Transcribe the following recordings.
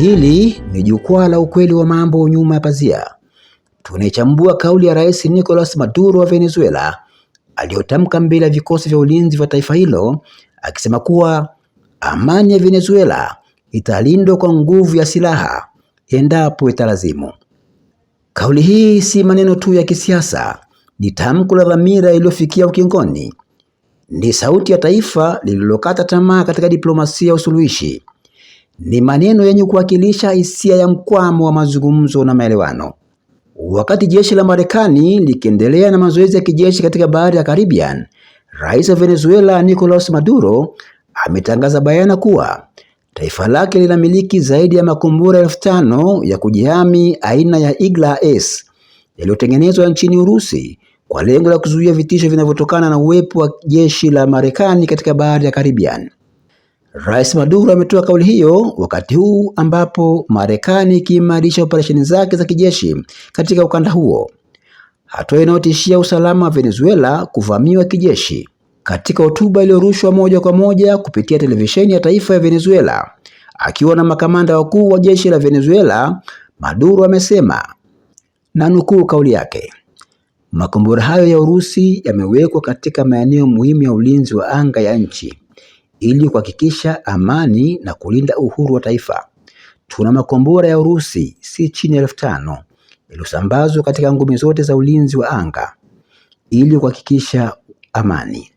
Hili ni jukwaa la ukweli wa mambo nyuma ya pazia. Tunaichambua kauli ya Rais Nicolas Maduro wa Venezuela aliyotamka mbele ya vikosi vya ulinzi vya taifa hilo akisema kuwa amani ya Venezuela italindwa kwa nguvu ya silaha endapo italazimu. Kauli hii si maneno tu ya kisiasa, ni tamko la dhamira iliyofikia ukingoni. Ni sauti ya taifa lililokata tamaa katika diplomasia ya usuluhishi, ni maneno yenye kuwakilisha hisia ya mkwamo wa mazungumzo na maelewano. Wakati jeshi la Marekani likiendelea na mazoezi ya kijeshi katika bahari ya Caribbean, Rais wa Venezuela Nicolas Maduro ametangaza bayana kuwa taifa lake linamiliki zaidi ya makombora elfu tano ya kujihami aina ya Igla S yaliyotengenezwa nchini Urusi kwa lengo la kuzuia vitisho vinavyotokana na uwepo wa jeshi la Marekani katika bahari ya Caribbean. Rais Maduro ametoa kauli hiyo wakati huu ambapo Marekani ikiimarisha operesheni zake za kijeshi katika ukanda huo, hatua inayotishia usalama wa Venezuela kuvamiwa kijeshi. Katika hotuba iliyorushwa moja kwa moja kupitia televisheni ya taifa ya Venezuela, akiwa na makamanda wakuu wa jeshi la Venezuela, Maduro amesema na nukuu kauli yake, makombora hayo ya Urusi yamewekwa katika maeneo muhimu ya ulinzi wa anga ya nchi ili kuhakikisha amani na kulinda uhuru wa taifa. Tuna makombora ya Urusi si chini ya elfu tano yaliyosambazwa katika ngome zote za ulinzi wa anga ili kuhakikisha amani.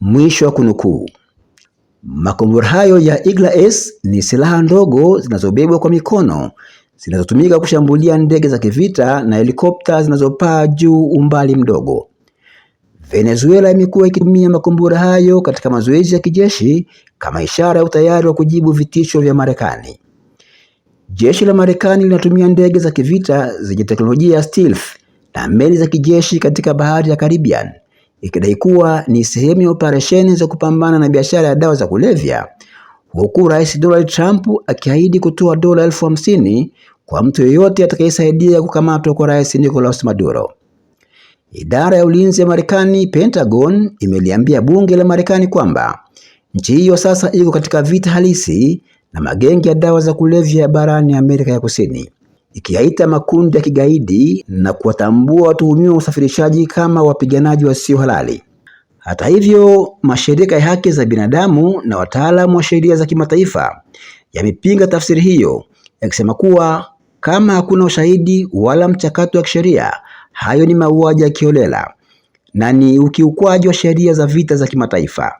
Mwisho wa kunukuu. Makombora hayo ya Igla S ni silaha ndogo zinazobebwa kwa mikono zinazotumika kushambulia ndege za kivita na helikopta zinazopaa juu umbali mdogo. Venezuela imekuwa ikitumia makombora hayo katika mazoezi ya kijeshi kama ishara ya utayari wa kujibu vitisho vya Marekani. Jeshi la Marekani linatumia ndege za kivita zenye teknolojia ya stealth na meli za kijeshi katika bahari ya Caribbean, ikidai kuwa ni sehemu ya operesheni za kupambana na biashara ya dawa za kulevya, huku Rais Donald Trump akiahidi kutoa dola elfu hamsini kwa mtu yeyote atakayesaidia kukamatwa kwa Rais Nicolas Maduro. Idara ya ulinzi ya Marekani, Pentagon, imeliambia bunge la Marekani kwamba nchi hiyo sasa iko katika vita halisi na magenge ya dawa za kulevya barani Amerika ya Kusini, ikiyaita makundi ya kigaidi na kuwatambua watuhumiwa usafirishaji kama wapiganaji wasio halali. Hata hivyo, mashirika ya haki za binadamu na wataalamu wa sheria za kimataifa yamepinga tafsiri hiyo, yakisema kuwa kama hakuna ushahidi wala mchakato wa kisheria Hayo ni mauaji ya kiholela na ni ukiukwaji wa sheria za vita za kimataifa.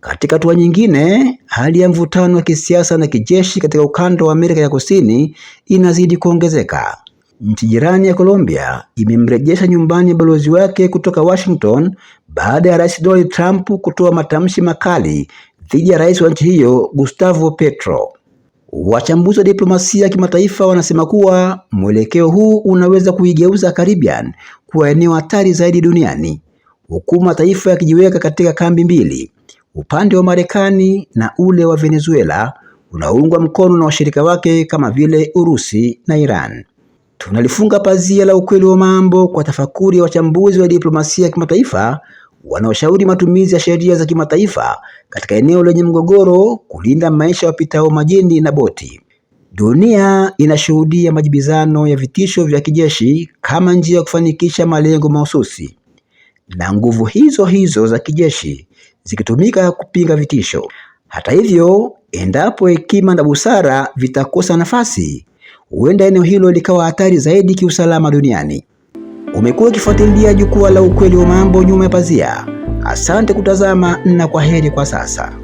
Katika hatua nyingine, hali ya mvutano wa kisiasa na kijeshi katika ukanda wa Amerika ya Kusini inazidi kuongezeka. Nchi jirani ya Colombia imemrejesha nyumbani balozi wake kutoka Washington baada ya Rais Donald Trump kutoa matamshi makali dhidi ya rais wa nchi hiyo Gustavo Petro. Wachambuzi wa diplomasia ya kimataifa wanasema kuwa mwelekeo huu unaweza kuigeuza Caribbean kuwa eneo hatari zaidi duniani, huku mataifa yakijiweka katika kambi mbili, upande wa Marekani na ule wa Venezuela unaoungwa mkono na washirika wake kama vile Urusi na Iran. Tunalifunga pazia la ukweli wa mambo kwa tafakuri ya wachambuzi wa diplomasia ya kimataifa wanaoshauri matumizi ya sheria za kimataifa katika eneo lenye mgogoro kulinda maisha ya wapitao majini na boti. Dunia inashuhudia majibizano ya vitisho vya kijeshi kama njia ya kufanikisha malengo mahususi, na nguvu hizo hizo za kijeshi zikitumika kupinga vitisho. Hata hivyo, endapo hekima na busara vitakosa nafasi, huenda eneo hilo likawa hatari zaidi kiusalama duniani. Umekuwa ukifuatilia jukwaa la ukweli wa mambo nyuma ya pazia. Asante kutazama na kwa heri kwa sasa.